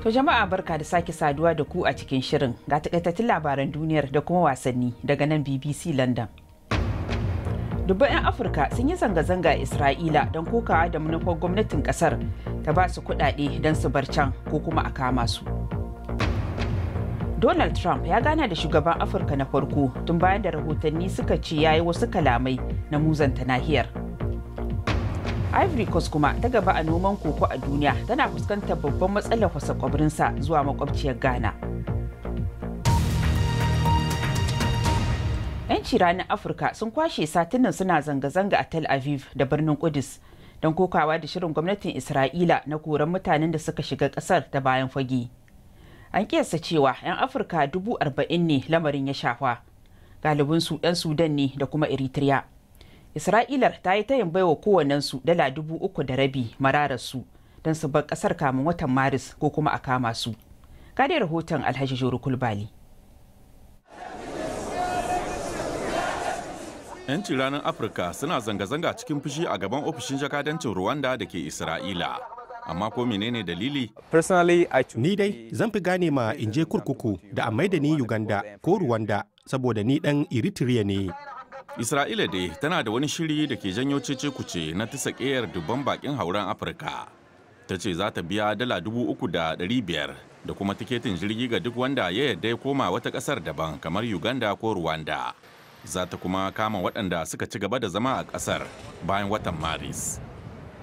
To jama'a barka da sake saduwa da ku a cikin shirin ga takaitattun labaran duniyar da kuma wasanni daga nan BBC London. Dubban 'yan Afirka sun yi zanga-zanga a Isra'ila don kokawa da manufar gwamnatin kasar ta ba su kudade don su bar can ko kuma a kama su. Donald Trump ya gana da shugaban Afirka na farko tun bayan da rahotanni suka ce ya yi wasu kalamai na muzanta nahiyar. ivory coast kuma ta gaba a noman koko a duniya tana fuskantar babban matsalar fasa kwabrinsa zuwa makwabciyar ghana 'yanci ranar afirka sun kwashe satinin suna zanga-zanga a tel aviv da birnin kudus don kokawa da shirin gwamnatin isra'ila na koran mutanen da suka shiga kasar da bayan fage an kiyasta cewa 'yan afirka dubu arba'in ne lamarin ya shafa galibinsu 'yan sudan ne da kuma eritrea isra'ilar ta yi tayin baiwa kowannensu dala dubu uku da rabi su don su bar kasar kamun watan maris ko kuma a kama su kadai rahoton alhaji Joro kulbali yanci ranar afirka suna zanga-zanga cikin fushi a gaban ofishin jakadancin rwanda da ke isra'ila amma ko menene dalili ni dai zan fi gane ma in je kurkuku da a maida ni uganda ko rwanda saboda ni dan eritrea ne Isra'ila dai tana da wani shiri da ke janyo cece kuce na tisa ƙeyar dubban bakin hauren Afirka. Ta ce za ta biya dala dubu uku da ɗari biyar da kuma tiketin jirgi ga duk wanda ya yarda ya koma wata ƙasar daban kamar Uganda ko Rwanda. Za ta kuma kama waɗanda suka ci gaba da zama a ƙasar bayan watan Maris.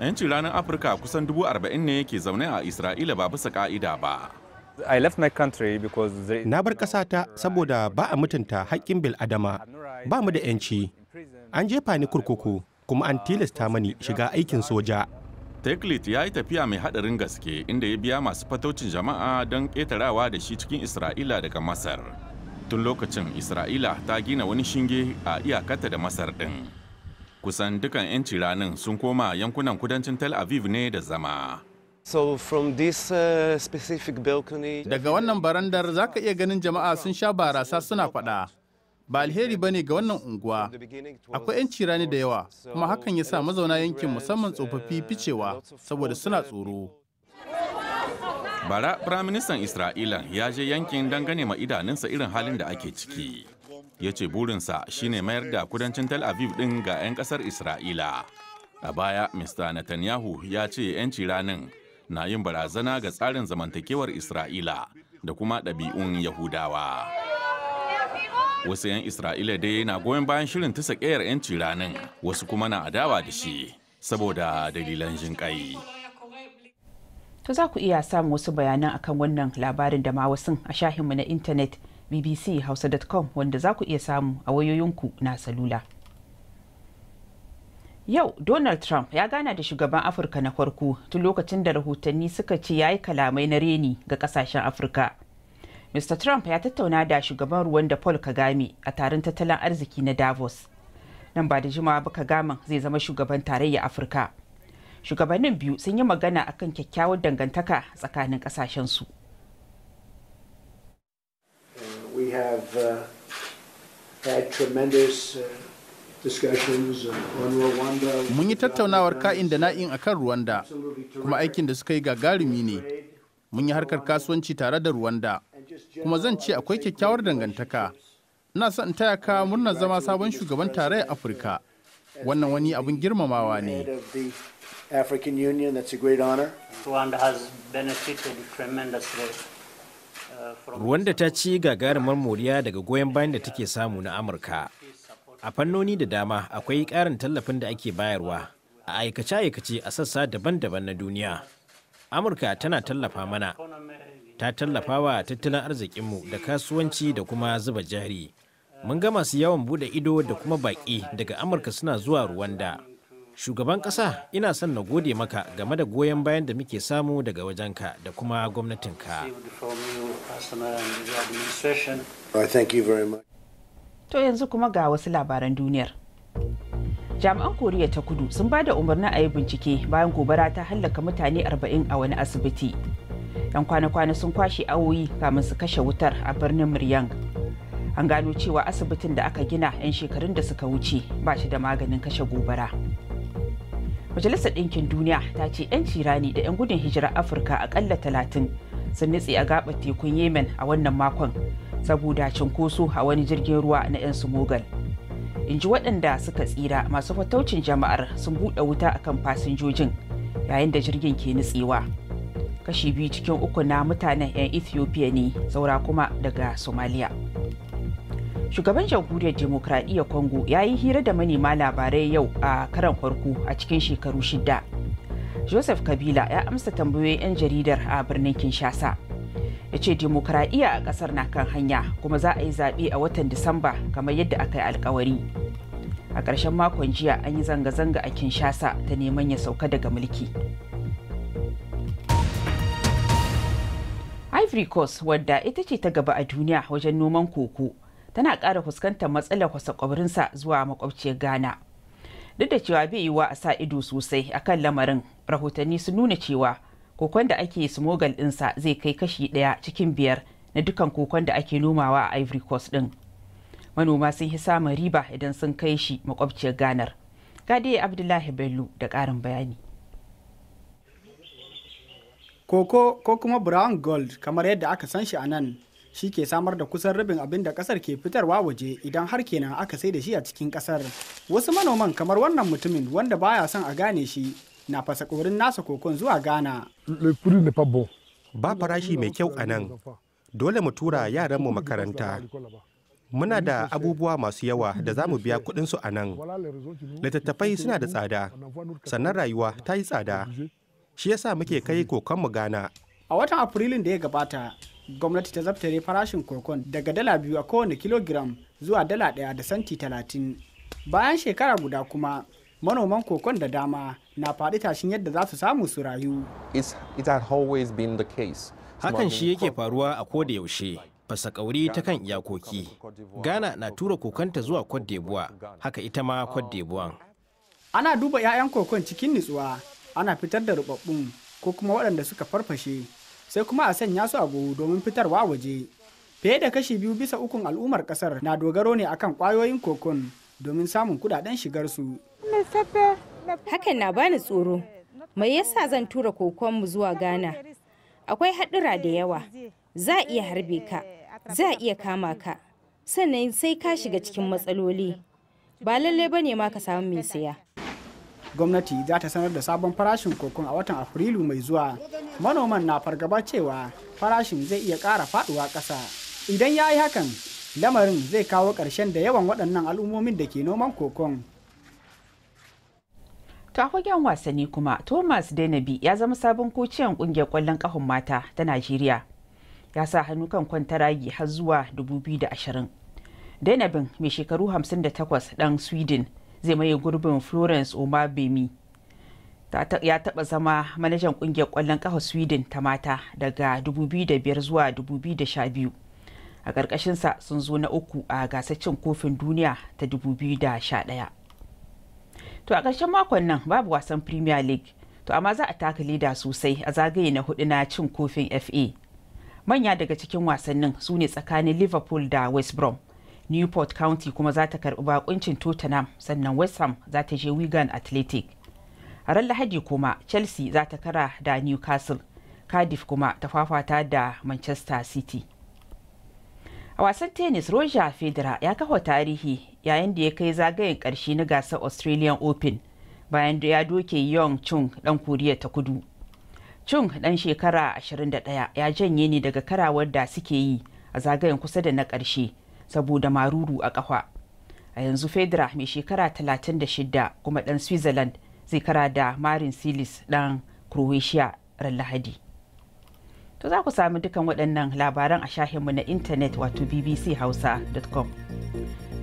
yancin ranar Afirka kusan dubu arba'in ne ke zaune a Isra'ila ba bisa ƙa'ida ba. Na bar ƙasata saboda ba a mutunta haƙƙin bil'adama, ba mu da 'yanci. An jefa ni kurkuku kuma an tilasta mani shiga aikin soja. Teklit ya yi tafiya mai haɗarin gaske inda ya biya masu fataucin jama'a don ƙetarawa da shi cikin Isra'ila daga Masar. Tun lokacin Isra'ila ta gina wani shinge a iyakata da Masar ɗin. Kusan dukan 'yanci ranin sun koma yankunan kudancin Tel Aviv ne da zama. So from this uh, specific balcony Daga wannan barandar zaka iya ganin jama'a sun sha barasa suna faɗa. Ba alheri bane ga wannan unguwa. Akwai 'yan cirani da yawa, kuma hakan ya sa mazauna yankin musamman tsofaffi ficewa saboda suna tsoro. Bara Firaministan Isra'ila ya je yankin don gane ma idanunsa irin halin da ake ciki. Ya ce burinsa shine mayar da kudancin Tel Aviv ɗin ga 'yan ƙasar Isra'ila. A baya, Mr. Netanyahu ya ce 'yanci ranin na yin barazana ga tsarin zamantakewar Isra'ila da kuma ɗabi'un Yahudawa. Wasu 'yan Isra'ila dai na goyon bayan shirin tasa ƙayar 'yanci ranin, wasu kuma na adawa da shi saboda dalilan jinƙai. To za ku iya samun wasu bayanan akan wannan labarin da ma wasu a shahinmu na intanet bbc hausa.com wanda za ku iya samu a wayoyinku na salula. Yau Donald Trump ya gana da shugaban Afirka na farko tun lokacin da rahotanni suka ce ya yi kalamai na reni ga kasashen Afirka. Mr. Trump ya tattauna da shugaban ruwan da Paul Kagame a taron tattalin arziki na Davos. Nan ba da jimawa ba Kagame zai zama shugaban tarayyar Afirka. Shugabannin biyu sun yi magana akan kyakkyawar dangantaka tsakanin kasashensu. We have uh, had tremendous uh... Mun yi tattaunawar ka'in da na'in a kan Rwanda, kuma aikin da suka yi gagarumi ne. Mun yi harkar kasuwanci tare da Rwanda, kuma zan ce akwai kyakkyawar dangantaka. Ina son in taya ka murnar zama sabon shugaban tarayyar Afirka. Wannan wani abin girmamawa ne. Uh, Rwanda ta ci gagarumar moriya daga goyon bayan da take samu na Amurka. a fannoni da dama akwai ƙarin tallafin da ake bayarwa a aikace-aikace a sassa daban-daban na duniya amurka tana tallafa mana ta tallafa wa tattalin arzikinmu da kasuwanci da kuma zuba jari mun ga masu yawan bude ido da kuma baƙi daga amurka suna zuwa ruwanda shugaban ƙasa ina son na gode maka game da goyon bayan da muke samu daga wajenka da kuma gwamnatinka To yanzu kuma ga wasu labaran duniyar. Jami'an Koriya ta Kudu sun ba da umarnin a yi bincike bayan gobara ta hallaka mutane 40 a wani asibiti. 'Yan kwana-kwana sun kwashe awoyi kamun su kashe wutar a birnin Miryang. An gano cewa asibitin da aka gina 'yan shekarun da suka wuce ba shi da maganin kashe gobara. Majalisar Ɗinkin Duniya ta ce 'yan cirani da 'yan gudun hijira Afirka akalla talatin sun nutse a gaɓar tekun Yemen a wannan makon saboda cunkoso a wani jirgin ruwa na 'yan sumogal in ji waɗanda suka tsira masu fataucin jama'ar sun buɗe wuta a kan fasinjojin yayin da jirgin ke nutsewa kashi biyu cikin uku na mutanen 'yan ethiopia ne saura kuma daga somalia shugaban jamhuriyar demokradiyyar congo ya yi hira da manema labarai yau a karan farko a cikin shekaru shida joseph kabila ya amsa tambayoyin 'yan jaridar a birnin kinshasa ya ce a ƙasar na kan hanya kuma za a yi zaɓe a watan disamba kamar yadda aka yi alkawari a ƙarshen makon jiya an yi zanga-zanga a kinshasa ta neman ya sauka daga mulki ivory coast wadda ita ce ta gaba a duniya wajen noman koko tana ƙara fuskantar matsalar kwasa zuwa makwabciyar ghana duk da cewa bai yiwa a sa ido sosai akan lamarin rahotanni sun nuna cewa kokon da ake smogal ɗinsa zai kai kashi ɗaya cikin biyar na dukan kokon da ake nomawa a ivory coast ɗin manoma sun fi samun riba idan sun kai shi makwabciyar ganar gadiya abdullahi bello da karin bayani koko ko kuma brown gold kamar yadda aka san shi a nan shi ke samar da kusan rabin abin da kasar ke fitarwa waje idan har kenan aka sai da shi a cikin kasar wasu manoman kamar wannan mutumin wanda baya son a gane shi na fasa korin nasa kokon zuwa ghana ba farashi mai kyau a nan dole mu tura yaranmu makaranta muna da abubuwa masu yawa da za mu biya kudinsu a nan littattafai suna da tsada sannan rayuwa ta yi tsada shi yasa muke kai kokonmu gana a watan afrilun da ya gabata gwamnati ta zabtare farashin kokon daga dala biyu a kowane kilogiram zuwa dala ɗaya da santi talatin bayan shekara guda kuma manoman kokon da dama na faɗi tashin yadda za su samu su rayu. Hakan shi yake faruwa a koda yaushe. Fasa ƙauri ta kan iyakoki. Ghana na tura kokanta zuwa kwaddebuwa haka ita ma Cote Ana duba 'ya'yan kokon cikin nutsuwa, ana fitar da rubabbun ko kuma waɗanda suka farfashe, sai kuma a sanya su a buhu domin fitarwa waje. Fiye da kashi biyu bisa ukun al'ummar ƙasar na dogaro ne akan kwayoyin kokon domin samun kuɗaɗen shigarsu. Hakan na bani tsoro. Mai yasa zan tura kokonmu zuwa Ghana? Akwai haɗura da yawa. Za iya harbe ka, za iya kama ka, sannan sai ka shiga cikin matsaloli. Ba lallai ba ne ma ka samu mai saya. Gwamnati za ta sanar da sabon farashin kokon a watan Afrilu mai zuwa. Manoman na fargaba cewa farashin zai iya ƙara faɗuwa ƙasa. Idan ya yi hakan, lamarin zai kawo ƙarshen da yawan waɗannan al'ummomin da ke noman kokon. ta wasanni kuma thomas denabi ya zama sabon kociyan kungiyar kwallon kahun mata ta najeriya ya sa hannu kan kwantaragi har zuwa 2020 denabin mai shekaru 58 dan sweden zai maye gurbin florence bemi ya taba zama manajan kungiyar kwallon kahun sweden ta mata daga 2005 zuwa 2012 a ƙarƙashinsa sun zo na uku a gasar cin kofin duniya ta 2011 to a ƙarshen makon nan babu wasan premier league to amma za a taka leda sosai a zagaye na hudu na cin kofin fa manya daga cikin wasannin su ne tsakanin liverpool da west brom newport county kuma za ta karbi bakuncin tottenham sannan west ham za ta je wigan athletic a ran lahadi kuma chelsea za ta kara da newcastle cardiff kuma ta fafata da manchester city a wasan tennis roger federer ya kafa tarihi yayin da ya kai zagayen karshe na gasar australian open bayan da ya doke yong chung dan koriya ta kudu chung dan shekara 21 ya janye ne daga karawar da suke yi a zagayen kusa da na karshe saboda maruru a kafa a yanzu federer mai shekara 36 kuma dan switzerland zai kara da marin silis dan croatia ran lahadi To za ku sami dukan waɗannan labaran a shahinmu na intanet wato bbchausa.com.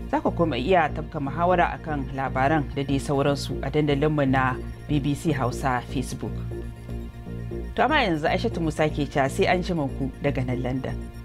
Za ku kuma iya tafka muhawara a kan labaran da dai sauransu a dandalinmu na BBC Hausa Facebook. To amma yanzu Aishatu Musa ke sai an ji ku daga nan London.